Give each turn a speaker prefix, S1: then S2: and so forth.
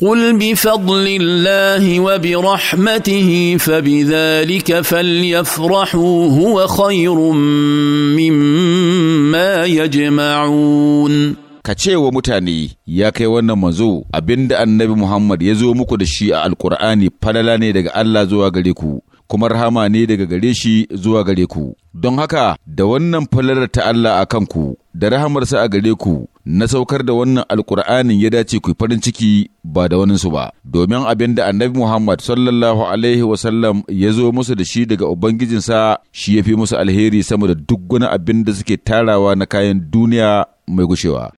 S1: قل بفضل الله وبرحمته فبذلك
S2: فليفرحوا هو خير مما يجمعون ka ce wa mutane ya kai wannan manzo abinda annabi Muhammad ya zo muku da shi a alkur'ani falala ne daga Allah zuwa gare ku kuma rahama ne daga gare shi zuwa gare ku don haka da wannan falalar ta Allah a kanku da rahamarsa a gare ku na saukar da wannan alkur'anin ya dace ku farin ciki ba da waninsu ba domin abin da annabi muhammad sallallahu alaihi wasallam ya zo musu da shi daga ubangijinsa shi ya fi musu alheri sama da duk wani abin da suke tarawa na kayan
S3: duniya mai gushewa